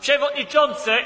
Przewodniczący!